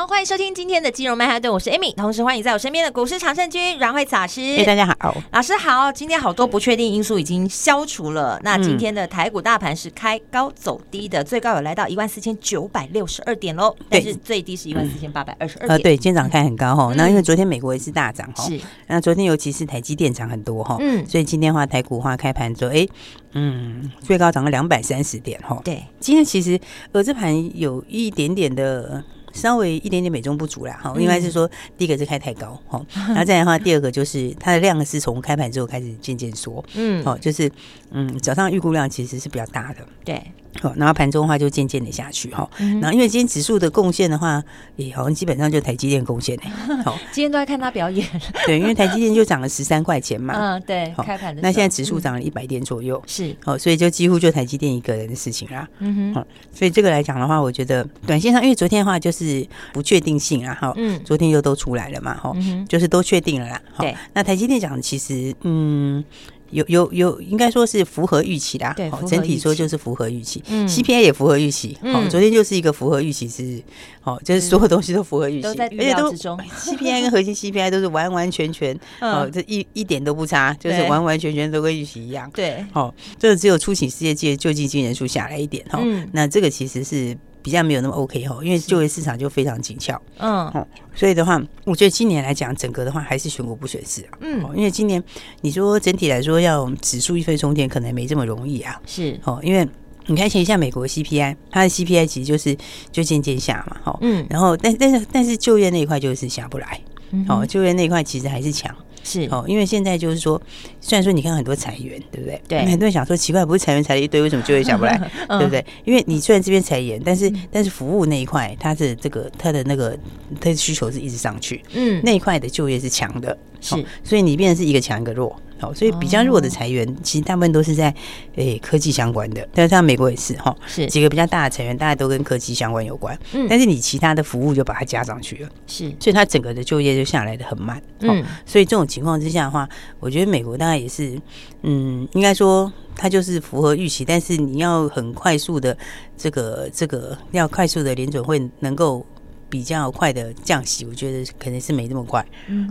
好，歡迎收聽今天的金融曼哈頓，我是 Amy。同時歡迎在我身邊的股市常勝軍阮蕙慈老師。大家好，老師好。今天好多不確定因素已經消除了。那今天的台股大盤是開高走低的，嗯、最高有來到一萬四千九百六十二點嘍。對，但是最低是一萬四千八百二十二點。嗯、呃，對，今天漲開很高哈。嗯、那因為昨天美國也是大漲哈。是。那昨天尤其是台積電漲很多哈。嗯。所以今天話台股話開盤說，哎，嗯，最高漲了兩百三十點哈。哦、對。今天其實呃，這盤有一點點的。稍微一點點美中不足啦，哈，應該是說第一個是開太高，哈、嗯，然後再來的話，第二個就是它的量是從開盤之後開始漸漸縮，嗯，好，就是嗯，早上預估量其實是比較大的，對。好、哦，然後盤中的話就漸漸的下去哈。哦嗯、哼然後因為今天指數的貢獻的話，也好像基本上就台積電貢獻嘞。好、哦，今天都在看他表演了。對，因為台積電就漲了十三塊錢嘛。嗯，對，哦、開盤的時候那現在指數漲了一百點左右。是、嗯，好、哦，所以就幾乎就台積電一個人的事情啦。嗯哼，好、哦，所以這個來講的話，我覺得短線上，因為昨天的話就是不確定性啊，哈、哦，嗯，昨天又都出來了嘛，哈、哦，嗯、哼就是都確定了啦。對、哦，那台積電講的其實嗯。有有有，應該說是符合預期啦，好，整體說就是符合預期。嗯、CPI 也符合預期，好、嗯，昨天就是一個符合預期之日。好，就是所有東西都符合預期，嗯、預而且都 CPI 跟核心 CPI 都是完完全全，嗯、哦，這一一點都不差，就是完完全全都跟預期一樣。對，好、哦，這個只有初請世界界救濟金人數下來一點，哈、嗯哦，那這個其實是。比較沒有那麼 OK 吼，因為就業市場就非常緊俏，嗯、哦哦，所以的話，我覺得今年來講，整個的話還是選股不選市、啊，嗯，因為今年你說整體來說要指數一飛沖天，可能沒這麼容易啊，是哦，因為你看前一下美國 CPI，它的 CPI 其實就是就漸漸下嘛，吼、哦，嗯，然後但但是但是就業那一塊就是下不來，嗯、哼哦，就業那一塊其實還是強。是哦，因為現在就是說，雖然說你看很多裁員，對不對？對、嗯，很多人想說奇怪，不是裁員裁了一堆，為什麼就業下不來，對不對？因為你雖然這邊裁員，但是但是服務那一塊，它的這個它的那個它的需求是一直上去，嗯，那一塊的就業是強的，是，所以你變成是一個強一個弱。所以比較弱的裁員，其實大部分都是在誒科技相關的。但是像美國也是哈，是幾個比較大的裁員，大家都跟科技相關有關。嗯，但是你其他的服務就把它加上去了，是，所以它整個的就業就下來得很慢。嗯，所以這種情況之下的話，我覺得美國大概也是，嗯，應該說它就是符合預期，但是你要很快速的這個這個要快速的聯準會能夠，比較快的降息，我覺得可能是沒那麼快，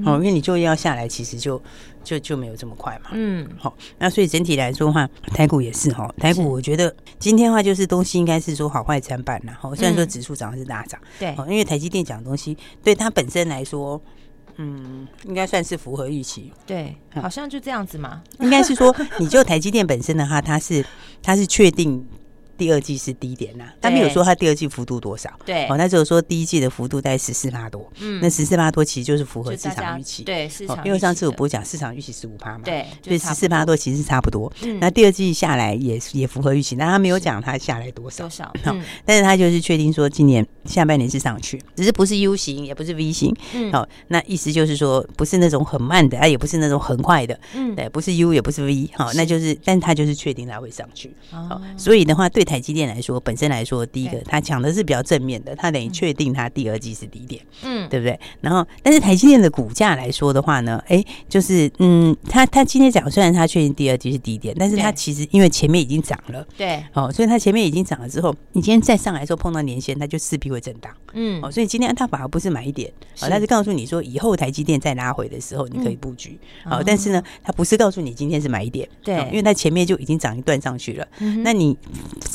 哦，因為你就要下來，其實就就就沒有這麼快嘛，嗯，好，那所以整體來說的話，台股也是哈、哦，台股我覺得今天的話就是東西應該是說好壞參半，然後雖然說指數漲是大漲，對，因為台積電講的東西，對它本身來說，嗯，應該算是符合預期，對，好像就這樣子嘛，應該是說你就台積電本身的話，它是它是確定。第二季是低點吶，他沒有說他第二季幅度多少，哦，那只有說第一季的幅度在十四趴多，嗯，那十四趴多其實就是符合市場預期，對，因為上次我不是講市場預期十五趴嘛，對，就十四趴多其實是差不多，那第二季下來也也符合預期，那他沒有講他下來多少，多少，但是他就是確定說今年下半年是上去，只是不是 U 型，也不是 V 型，嗯，好，那意思就是說不是那種很慢的，也不是那種很快的，嗯，對，不是 U 也不是 V，好，那就是，但他就是確定他會上去，好，所以的話對。台積電來說，本身來說，第一個，他講的是比較正面的，他等於確定他第二季是低點，嗯，對不對？然後，但是台積電的股價來說的話呢，哎、欸，就是，嗯，他他今天講，雖然他確定第二季是低點，但是他其實因為前面已經漲了，對，哦，所以他前面已經漲了之後，你今天再上來的時候碰到年線，他就勢必會震盪，嗯，哦，所以今天他反而不是買一點，哦，他是告訴你說，以後台積電再拉回的時候，你可以布局，好，但是呢，他不是告訴你今天是買一點，對、哦，因為他前面就已經漲一段上去了，嗯、哼那你。嗯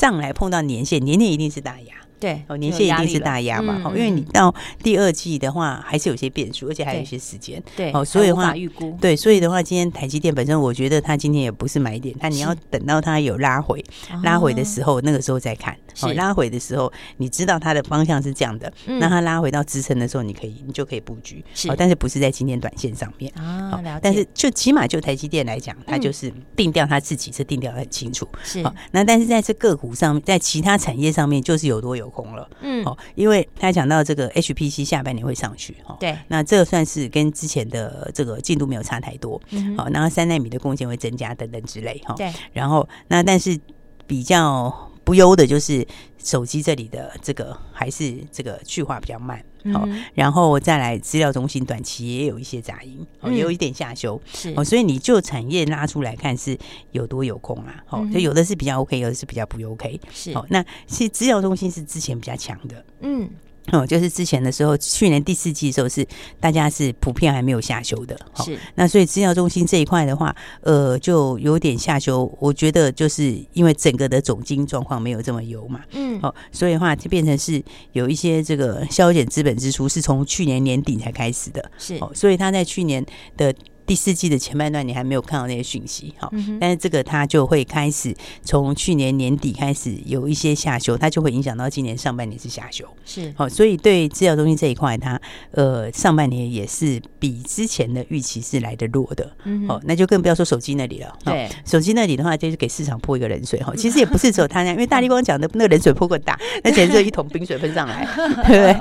上來碰到年線，年線一定是大壓。對，哦，年線一定是大壓嘛。哦、嗯，因為你到第二季的話，還是有些變數，對而且還有一些時間。對，哦，所以的話，無法預估。對，所以的話，今天台積電本身，我覺得它今天也不是買點，但你要等到它有拉回、是拉回的時候，那個時候再看。啊拉回的時候，你知道它的方向是這樣的，那它拉回到支撐的時候，你可以你就可以布局。但是不是在今天短線上面啊？但是就起碼就台積電來講，它就是定掉它自己，這定掉得很清楚。是，那但是在這個股上，在其他產業上面，就是有多有空了。嗯，因為他講到這個 HPC 下半年會上去。對，那這個算是跟之前的這個進度沒有差太多。嗯，好，然後三奈米的貢獻會增加等等之類。哈，對，然後那但是比較。不優的就是手機這裡的這個還是這個去化比較慢，好、嗯哼哦，然後再來資料中心短期也有一些雜音，哦嗯、也有一點下修，是、哦、所以你就產業拉出來看是有多有空啊，哦嗯、哼就有的是比較 OK，有的是比較不 OK，是、哦、那是資料中心是之前比較強的，嗯。哦，就是之前的時候，去年第四季的時候是大家是普遍還沒有下修的，哦、是那所以資料中心這一塊的話，呃，就有點下修。我覺得就是因為整個的總經狀況沒有這麼優嘛，嗯，好、哦，所以的話就變成是有一些這個削減資本支出是從去年年底才開始的，是、哦，所以他在去年的。第四季的前半段你還沒有看到那些訊息，但是這個它就會開始從去年年底開始有一些下修，它就會影響到今年上半年是下修，是好，所以對資料中心這一塊，它呃上半年也是比之前的預期是來的弱的，好，那就更不要說手機那裡了。對，手機那裡的話就是給市場潑一個冷水，哈，其實也不是只有他那樣，因為大力光講的那個冷水潑過大，那簡直是一桶冰水噴上來，對？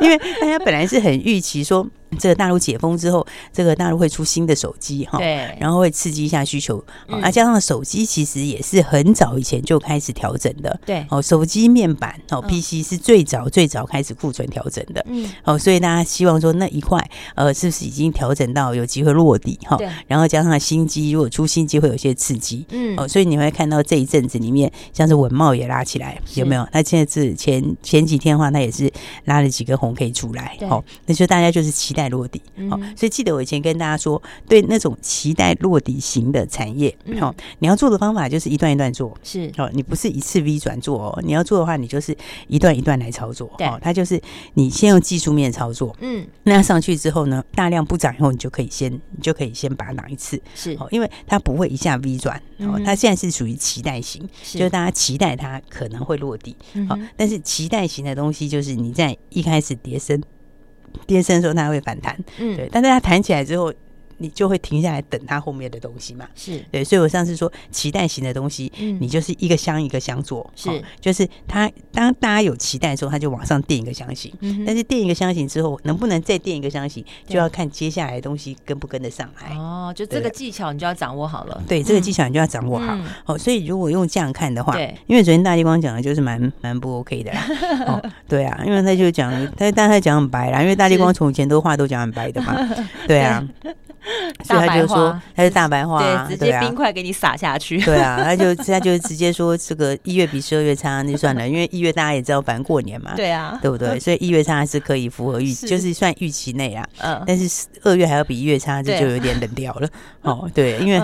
因為大家本來是很預期說。這個大陸解封之後，這個大陸會出新的手機哈，對，然後會刺激一下需求。那、嗯啊、加上手機其實也是很早以前就開始調整的，對。哦，手機面板哦,哦，PC 是最早最早開始庫存調整的，嗯。哦，所以大家希望說那一塊呃，是不是已經調整到有機會落底哈？哦、對然後加上新機，如果出新機會有些刺激，嗯。哦，所以你會看到這一陣子裡面，像是穩懋也拉起來，是有沒有？那現在是前前幾天的話，那也是拉了幾個紅 K 出來，對。哦，那就大家就是期待。待落地。好，所以記得我以前跟大家說，對那種期待落地型的產業，好，你要做的方法就是一段一段做，是，好，你不是一次 V 轉做哦，你要做的話，你就是一段一段來操作，它就是你先用技術面操作，嗯，那上去之後呢，大量不漲以後，你就可以先，你就可以先拔檔一次，是，因為它不會一下 V 轉，哦，它現在是屬於期待型，就是大家期待它可能會落地，好，但是期待型的東西就是你在一開始跌深。跌升的時候，它會反彈，嗯，對。但是它彈起來之後，你就會停下來等它後面的東西嘛？是，對，所以我上次說期待型的東西，你就是一個箱一個箱做，是，就是它當大家有期待的時候，它就往上墊一個箱型，但是墊一個箱型之後，能不能再墊一個箱型，就要看接下來的東西跟不跟得上來。哦，就這個技巧你就要掌握好了。對，這個技巧你就要掌握好。哦，所以如果用這樣看的話，對，因為昨天大立光講的就是蠻蠻不 OK 的啦。哦，對啊，因為他就講他，但他講很白啦，因為大立光從以前都話都講很白的嘛。對啊。所以他就說他就大白話，對，直接冰塊給你灑下去。對啊，他就他就直接說這個一月比十二月差，那就算了，因為一月大家也知道，反正過年嘛，對啊，對不對？所以一月差是可以符合預，就是算預期內啊。嗯，但是二月還要比一月差，這就有點冷掉了。哦，對，因為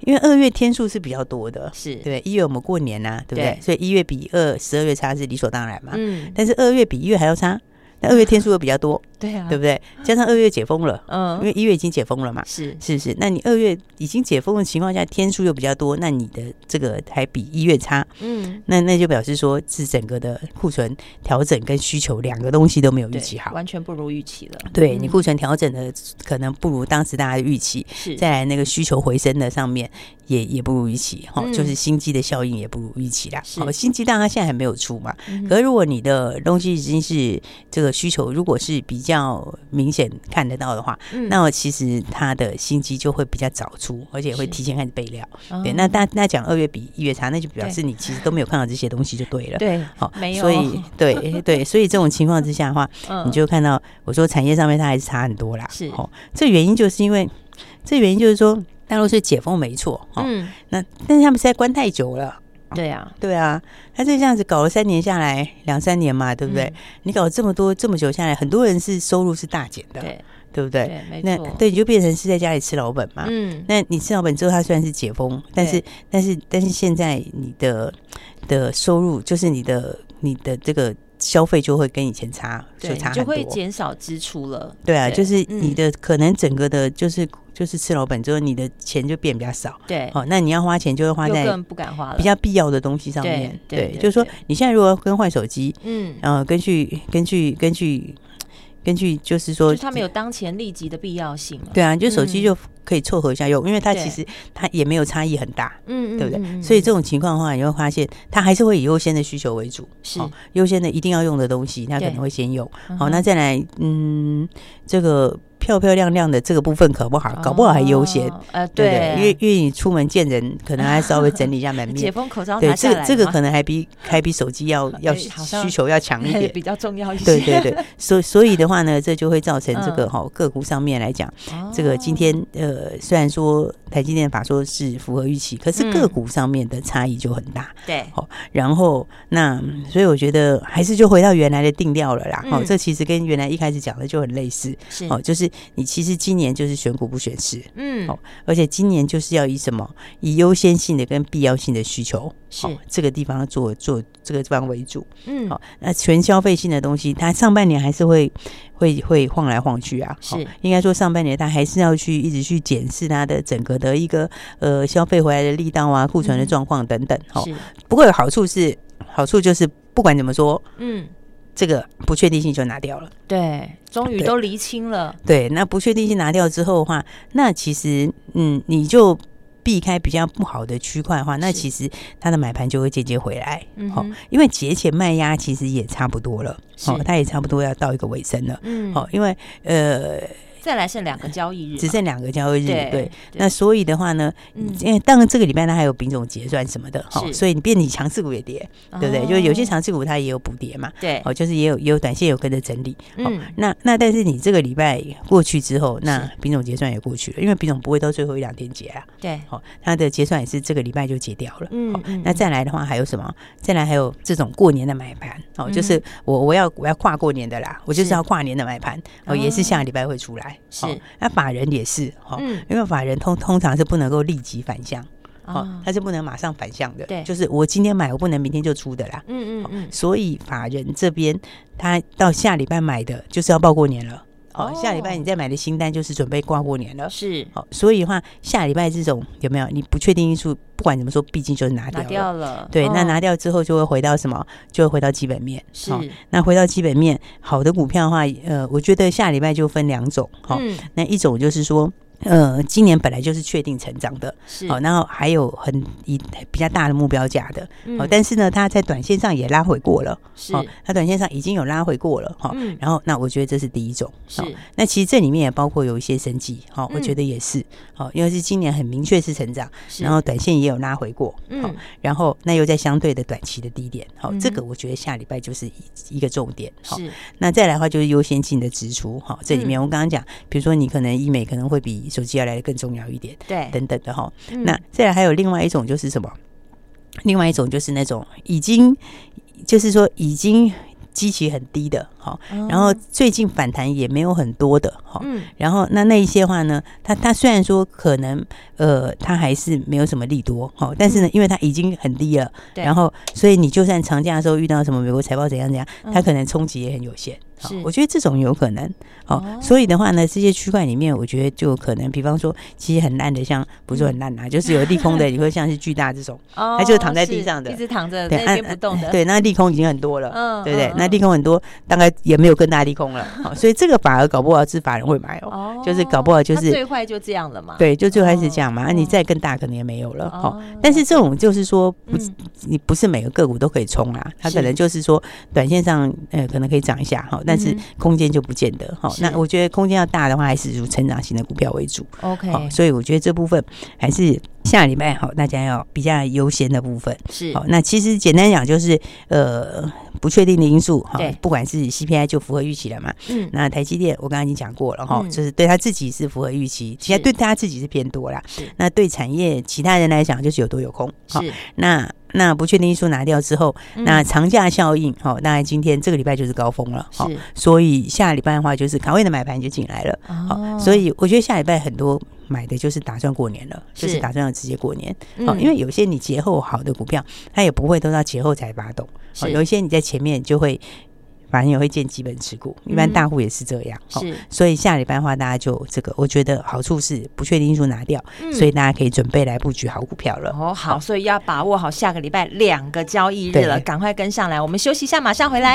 因為二月天數是比較多的，是，對，一月我們過年吶，對不對？所以一月比二十二月差是理所當然嘛。嗯，但是二月比一月還要差，那二月天數又比較多，啊對啊，對不對？加上二月解封了，嗯、啊，因為一月已經解封了嘛，是是不是？那你二月已經解封的情況下，天數又比較多，那你的這個還比一月差，嗯，那那就表示說是整個的庫存調整跟需求兩個東西都沒有預期好，完全不如預期了。對你庫存調整的可能不如當時大家的預期，是、嗯、在那個需求回升的上面。也也不如預期哈，嗯、就是新機的效應也不如預期啦。是哦，新機當然它現在還沒有出嘛，可是、嗯、如果你的東西已經是這個需求，如果是比較明顯看得到的話，嗯、那其實它的新機就會比較早出，而且會提前開始備料。哦、對，那大那講二月比一月差，那就表示你其實都沒有看到這些東西就對了。對，好、哦，沒有。所以對對，所以這種情況之下的話，嗯、你就看到我說產業上面它還是差很多啦。是哦，這原因就是因為這原因就是說。大陸是解封沒錯，嗯，哦、那但是他們實在關太久了，對呀，對啊，他、就、這樣子搞了三年下來，兩三年嘛，對不對？嗯、你搞了這麼多這麼久下來，很多人是收入是大減的，對，對不對？對，沒錯。那對你就變成是在家裡吃老本嘛，嗯，那你吃老本之後，他雖然是解封，但是對但是但是現在你的的收入就是你的你的這個。消費就會跟以前差，就差很多，就會減少支出了。對啊，對就是你的可能整個的，就是就是吃老本之後，你的錢就變比較少。對，哦，那你要花錢就會花在比較必要的東西上面。對，對，對，對，對，就是說你現在如果更換手機，嗯，然根據根據根據，根據根據根據就是說，它沒有當前立即的必要性。對啊，就手機就可以湊合一下用，因為它其實它也沒有差異很大，嗯，對不對？所以這種情況的話，你會發現它還是會以優先的需求為主，是優先的一定要用的東西，它可能會先用。好，那再來，嗯，這個。漂漂亮亮的這個部分可不好，哦、搞不好還優先、哦。呃，對,對,對，因為因為你出門見人，啊、可能還稍微整理一下門面。解封口罩拿對，這個、這個可能還比還比手機要要需求要強一點，欸、比較重要一點。對對對，所所以的話呢，這就會造成這個哈個、嗯、股上面來講，這個今天呃雖然說台積電法說是符合預期，可是個股上面的差異就很大。對、嗯，好、哦，然後那所以我覺得還是就回到原來的定調了啦。好、嗯哦，這其實跟原來一開始講的就很類似。是哦，就是。你其實今年就是選股不選市，嗯，好、哦，而且今年就是要以什麼？以優先性的跟必要性的需求，好是、哦，這個地方做做這個地方為主，嗯，好、哦，那全消費性的東西，它上半年還是會會會晃來晃去啊，是、哦，應該說上半年它還是要去一直去檢視它的整個的一個呃消費回來的力道啊，庫存的狀況等等，哈，不過有好處是，好處就是不管怎麼說，嗯。這個不確定性就拿掉了，對，終於都釐清了對。對，那不確定性拿掉之後的話，那其實，嗯，你就避開比較不好的區塊的話，是那其實它的買盤就會漸漸回來，好、嗯哼，因為節前賣壓其實也差不多了，好是、哦，它也差不多要到一個尾聲了，嗯，好，因為呃。再來剩兩個交易日，只剩兩個交易日，對。那所以的話呢，因為當然這個禮拜呢還有丙種結算什麼的哈，所以你變你強勢股也跌，對不對？就是有些強勢股它也有補跌嘛，對。哦，就是也有也有短線有跟着整理。嗯，那那但是你這個禮拜過去之後，那丙種結算也過去了，因為丙種不會到最後一兩天結啊。對。哦，它的結算也是這個禮拜就結掉了。嗯。那再來的話還有什麼？再來還有這種過年的買盤哦，就是我我要我要跨過年的啦，我就是要跨年的買盤哦，也是下個禮拜會出來。是、哦，那法人也是哈，哦嗯、因為法人通通常是不能夠立即反向，哦，哦他是不能馬上反向的，對，就是我今天買，我不能明天就出的啦，嗯嗯，嗯、哦，所以法人這邊他到下禮拜買的，就是要報過年了。哦，下禮拜你再買的新單就是準備掛過年了。是，好、哦，所以的話下禮拜這種有沒有你不確定因素？不管怎麼說，畢竟就是拿掉了。拿掉了。對，哦、那拿掉之後就會回到什麼？就會回到基本面。是、哦，那回到基本面好的股票的話，呃，我覺得下禮拜就分兩種。好、哦，嗯、那一種就是說。呃，今年本來就是確定成長的，好，然後還有很一比較大的目標價的，好，但是呢，它在短線上也拉回過了，是，它短線上已經有拉回過了，哈，然後那我覺得這是第一種，是，那其實這裡面也包括有一些生技，好，我覺得也是，好，因為是今年很明確是成長，然後短線也有拉回過，嗯，然後那又在相對的短期的低點，好，這個我覺得下禮拜就是一一個重點，是，那再來的話就是優先性的支出，哈，這裡面我剛剛講，比如說你可能醫美可能會比手機要來得更重要一點，對，等等的哈。嗯、那再來還有另外一種就是什麼？另外一種就是那種已經就是說已經基期很低的，哈，然後最近反彈也沒有很多的，哈。然後那那一些話呢，它它雖然說可能呃，它還是沒有什麼利多，哈，但是呢，因為它已經很低了，然後所以你就算長假的時候遇到什麼美國財報怎樣怎樣，它可能衝擊也很有限。我覺得這種有可能哦，所以的話呢，這些區塊裡面，我覺得就可能，比方說，其實很爛的，像不是很爛吶，就是有利空的，你會像是巨大這種，它就躺在地上的，一直躺着，對，不動的，對，那利空已經很多了，嗯，對不對？那利空很多，大概也沒有更大利空了，好，所以這個反而搞不好是法人會買哦，就是搞不好就是最壞就這樣了嘛，對，就最壞是這樣嘛，那你再更大可能也沒有了，哦，但是這種就是說，不，你不是每個個股都可以衝啊，它可能就是說，短線上，呃，可能可以漲一下，好。但是空間就不見得好，嗯、哼那我覺得空間要大的話，還是如成長型的股票為主。是所以我覺得這部分還是。下禮拜好，大家要比較優先的部分是好。那其實簡單講就是，呃，不確定的因素哈，不管是 CPI 就符合預期了嘛。嗯，那台積電我剛剛已經講過了哈，就是對他自己是符合預期，其實對他自己是偏多啦。那對產業其他人來講就是有多有空。是那那不確定因素拿掉之後，那長假效應好，當然今天這個禮拜就是高峰了好，所以下禮拜的話就是卡位的買盤就進來了。好，所以我覺得下禮拜很多。買的就是打算過年了，是就是打算要直接過年。哦、嗯，因為有些你節後好的股票，它也不會等到節後才發動是、喔。有一些你在前面就會，反正也會建基本持股。嗯、一般大戶也是這樣。是、喔，所以下禮拜的話，大家就這個，我覺得好處是不確定因素拿掉，嗯、所以大家可以準備來布局好股票了。哦，好，所以要把握好下個禮拜兩個交易日了，趕對快跟上來。我們休息一下，馬上回來。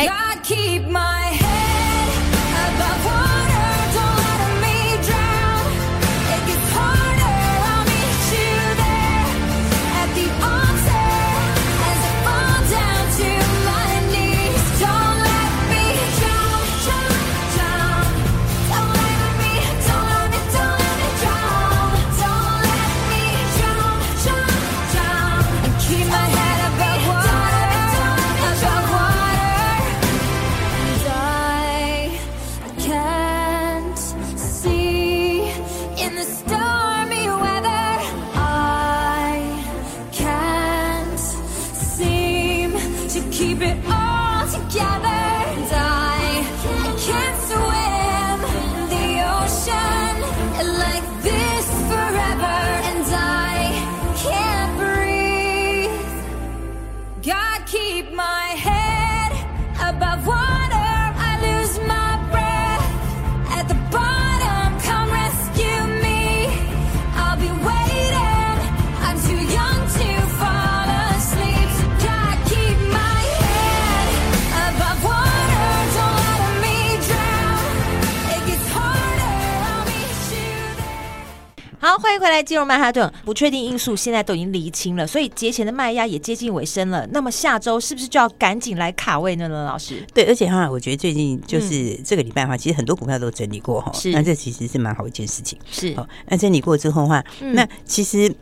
好，歡迎回來，金融曼哈頓。不確定因素現在都已經釐清了，所以節前的賣壓也接近尾聲了。那麼下週是不是就要趕緊來卡位呢？呢？老師，對，而且哈，我覺得最近就是這個禮拜哈，嗯、其實很多股票都整理過哈，是那這其實是蠻好一件事情。是、哦，那整理過之後的話，嗯、那其實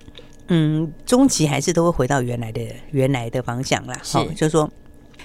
嗯，中期還是都會回到原來的原來的方向啦。好是、哦、就是說。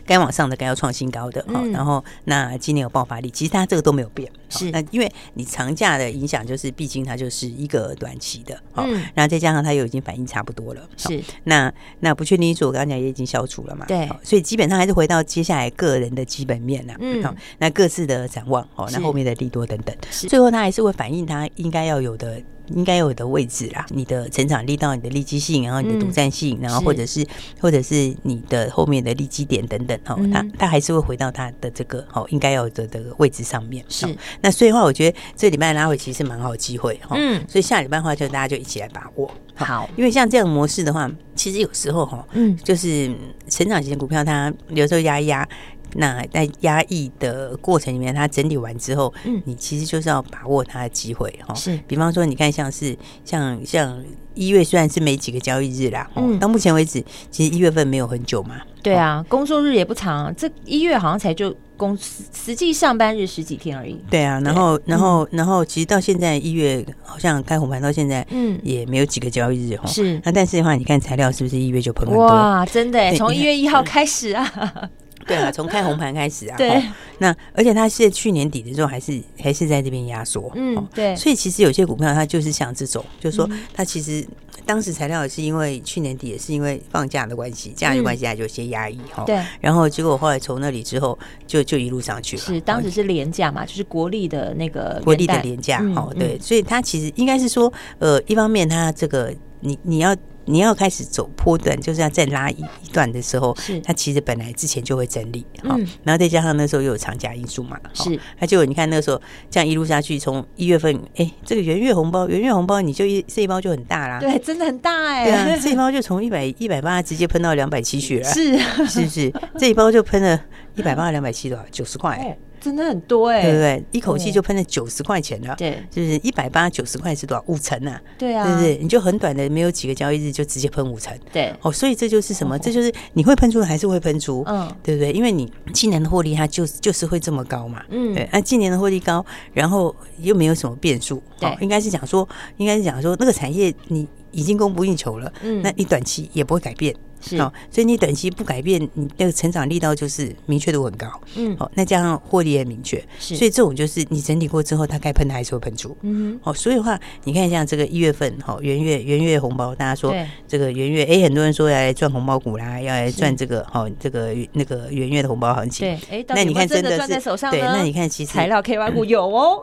該往上的該要創新高的哈，嗯、然後那今年有爆發力，其實它這個都沒有變。是、哦、那因為你長假的影響，就是畢竟它就是一個短期的哈，那、嗯哦、再加上它又已經反應差不多了。是、哦、那那不確定因素，我剛講也已經消除了嘛，對、哦，所以基本上還是回到接下來個人的基本面了、啊。嗯、哦，那各自的展望哦，那是後面的利多等等，是最後它還是會反映它應該要有的。應該有的位置啦，你的成長力道，你的利基性，然後你的獨佔性，嗯、然後或者是，是或者是你的後面的利基點等等哦，嗯、它它還是會回到它的這個哦應該有的這個位置上面。是、哦、那所以的話，我覺得這禮拜拉回其實蠻好機會哈、嗯哦，所以下禮拜的話就大家就一起來把握。好，因為像這種模式的話，其實有時候哈、哦，嗯，就是成長型股票它有時候壓一壓。那在壓抑的過程裡面，它整理完之後，嗯，你其實就是要把握它的機會、哦，哈、嗯，是。比方說，你看像是像像一月，雖然是沒幾個交易日啦、哦，嗯，到目前為止，其實一月份沒有很久嘛、哦嗯。對啊，工作日也不長、啊，這一月好像才就公實際上班日十幾天而已。對啊，然後然後對然後，嗯、然後其實到現在一月好像開紅盤到現在，嗯，也沒有幾個交易日、哦嗯，是。那但是的話，你看材料是不是一月就噴過多？哇，真的，從一月一號開始啊、嗯。 對啊，從開紅盤開始啊。對。哦、那而且它是去年底的時候，還是還是在這邊壓縮。嗯，對。所以其實有些股票它就是像這種，就是說它其實當時材料也是因為去年底也是因為放假的關係，假日關係它有些壓抑哈。對。然後結果後來從那裡之後，就就一路上去了。是當時是連假嘛，就是國曆的那個國曆的連假哈。對。所以它其實應該是說，呃，一方面它這個你你要。你要開始走波段，就是要再拉一一段的時候，是它其實本來之前就會整理、嗯、然後再加上那時候又有長假因素嘛，是、哦、那就你看那時候這樣一路下去，從一月份，哎，這個元月紅包，元月紅包你就一這一包就很大啦，對，真的很大哎、欸啊，這一包就從一百一百八直接噴到兩百七去了， 是是不是？這一包就噴了一百八兩百七多少九十塊、欸？真的很多哎、欸，對不對，對？一口氣就噴了九十塊錢了，對，就是一百八九十塊是多少？五成啊，對啊，對不對？你就很短的沒有幾個交易日就直接噴五成，對，哦，所以這就是什麼？哦、這就是你會噴出的還是會噴出，嗯，對不對，對？因為你今年的獲利它就是、就是會這麼高嘛，嗯，對，那、啊、今年的獲利高，然後又沒有什麼變數，哦。對，應該是講說，應該是講說那個產業你已經供不應求了，嗯，那你短期也不會改變。哦，所以你短期不改變，你那個成長力道就是明確度很高。嗯，好，那加上獲利也明確，所以這種就是你整理過之後，它該噴的還是會噴出。嗯，好，所以的話，你看像這個一月份，哈，元月元月紅包，大家說這個元月，哎，很多人說要來賺紅包股啦，要來賺這個，好，這個那個元月的紅包行情。對，哎，那你看真的賺在手上？對，那你看其實材料 K Y 股有哦。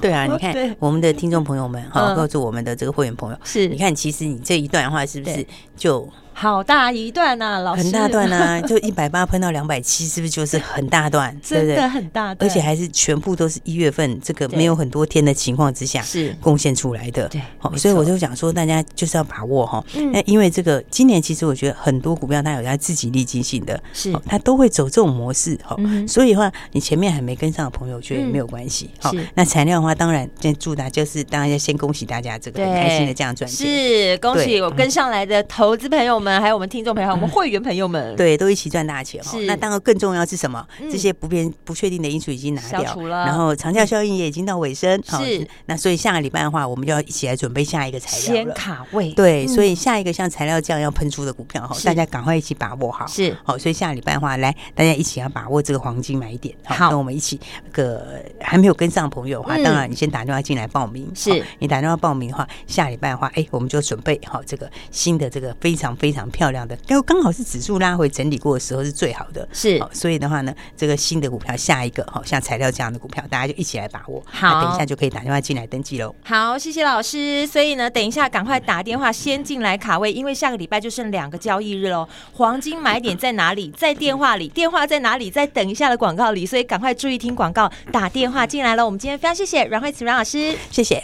對啊，你看我們的聽眾朋友們，好，告訴我們的這個會員朋友，是你看，其實你這一段話是不是就？好大一段吶，老師很大段吶，就一百八噴到兩百七，是不是就是很大段？真的很大段。而且還是全部都是一月份這個沒有很多天的情況之下，是貢獻出來的。對，好，所以我就想說，大家就是要把握哈。那因為這個今年其實我覺得很多股票它有它自己立即性的，是它都會走這種模式哈。所以的話，你前面還沒跟上的朋友，我覺得也沒有關係。好，那材料的話，當然先祝大家，就是大家要先恭喜大家這個很開心的這樣賺錢。是恭喜我跟上來的投資朋友們。還有我們聽眾朋友，我們會員朋友們，對，都一起賺大錢。是，那當然更重要是什麼？這些不變、不確定的因素已經拿掉，然後長假效應也已經到尾聲。是，那所以下個禮拜的話，我們就要一起來準備下一個材料，先卡位，對，所以下一個像材料這樣要噴出的股票，哈，大家趕快一起把握好。是，好，所以下個禮拜的話，來，大家一起要把握這個黃金買點。好，跟我們一起，個還沒有跟上朋友的話，當然你先打電話進來報名。是，你打電話報名的話，下禮拜的話，哎，我們就準備好這個新的這個非常非常。漂亮的，又剛好是指數拉回整理過的時候是最好的，是、哦。所以的話呢，這個新的股票下一個好、哦、像材料這樣的股票，大家就一起來把握。好、啊，等一下就可以打電話進來登記嘍。好，謝謝老師。所以呢，等一下趕快打電話先進來卡位，因為下個禮拜就剩兩個交易日嘍。黃金買點在哪裡？在電話裡，電話在哪裡？在等一下的廣告裡，所以趕快注意聽廣告，打電話進來了。我們今天非常謝謝阮蕙慈、阮老師，謝謝。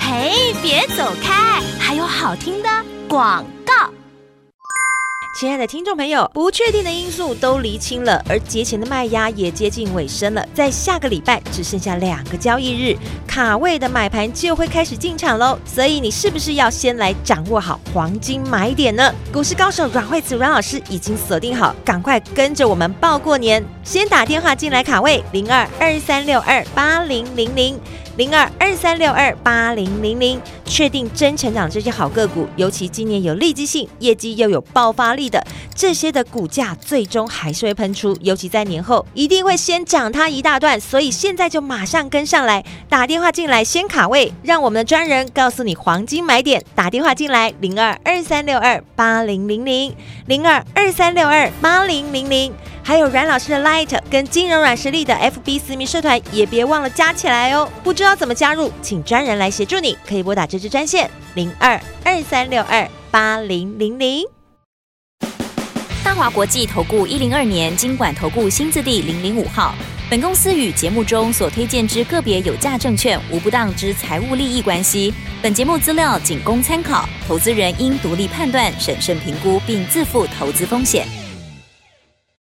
嘿，別走開，還有好聽的廣。親愛的聽眾朋友，不確定的因素都釐清了，而節前的賣壓也接近尾聲了。在下個禮拜只剩下兩個交易日，卡位的買盤就會開始進場嘍。所以你是不是要先來掌握好黃金買點呢？股市高手阮蕙慈、阮老師已經鎖定好，趕快跟着我們報過年。先打電話進來卡位零二二三六二八零零零零二二三六二八零零零，000, 000, 確定真成長這些好個股，尤其今年有利基性、業績又有爆發力的這些的股價，最終還是會噴出，尤其在年後一定會先漲它一大段，所以現在就馬上跟上來，打電話進來先卡位，讓我們的專人告訴你黃金買點。打電話進來零二二三六二八零零零零二二三六二八零零零。還有阮老師的 Light 跟金融軟實力的 FB 私密社團，也別忘了加起來哦。不知道怎麼加入，請專人來協助你，可以撥打這支專線零二二三六二八零零零。大華國際投顧一零二年金管投顧新字第零零五號。本公司與節目中所推薦之個別有價證券無不當之財務利益關係。本節目資料僅供參考，投資人應獨立判斷、審慎評估，並自負投資風險。